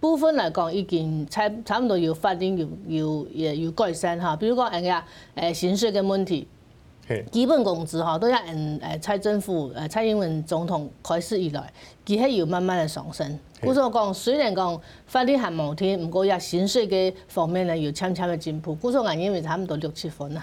部分來講，已經差差唔多有發展有有誒有改善哈，比如講誒誒，薪水嘅問題，是基本工資嚇都要誒、呃，蔡政府誒、呃，蔡英文總統開始以來，其實有慢慢嚟上升。我所講，雖然講法律係冇天，唔過，也薪水嘅方面咧有漸漸嘅進步。我所講因為差唔多六七分啊。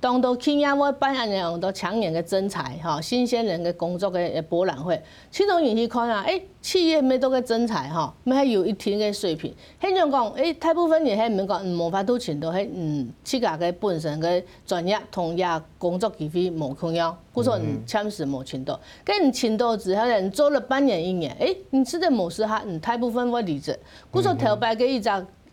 當到企業要辦安尼用到青年嘅徵才，哈，新鮮人嘅工作嘅博覽會，其實你可看啊，誒、欸、企業要多個徵才哈，要有一定嘅水平。向陽講，誒大部分人喺唔講，無法度全到喺，嗯，自家嘅本身嘅專業同啊工作機會冇可能，故說你簽時冇簽到。咁你簽到之後咧，你做了半年一年，誒你實在冇適合，你大部分會離職。故說頭擺嘅一張。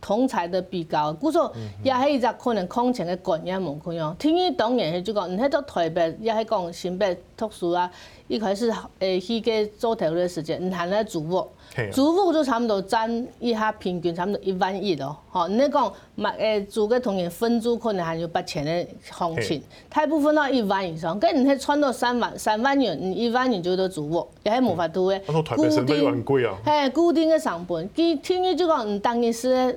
同財的比較，故說、嗯、哼也係一個可能空前嘅關鍵問題哦。天一當然係就講，你迄個台北也係講新北特殊啊，一開始誒起價做頭的時間，你含咧住屋，住屋、啊、就差不多佔一下平均差不多一萬一咯、哦。吼，你講買誒住嘅同年分租，可能還有八千的行情，大部是分到一萬以上，咁你去穿到三萬三萬元，一萬元就到住屋，也係無法度誒。啊，定啊台北成本又很貴啊。嘿，固定的成本，佢天一就講唔當然是。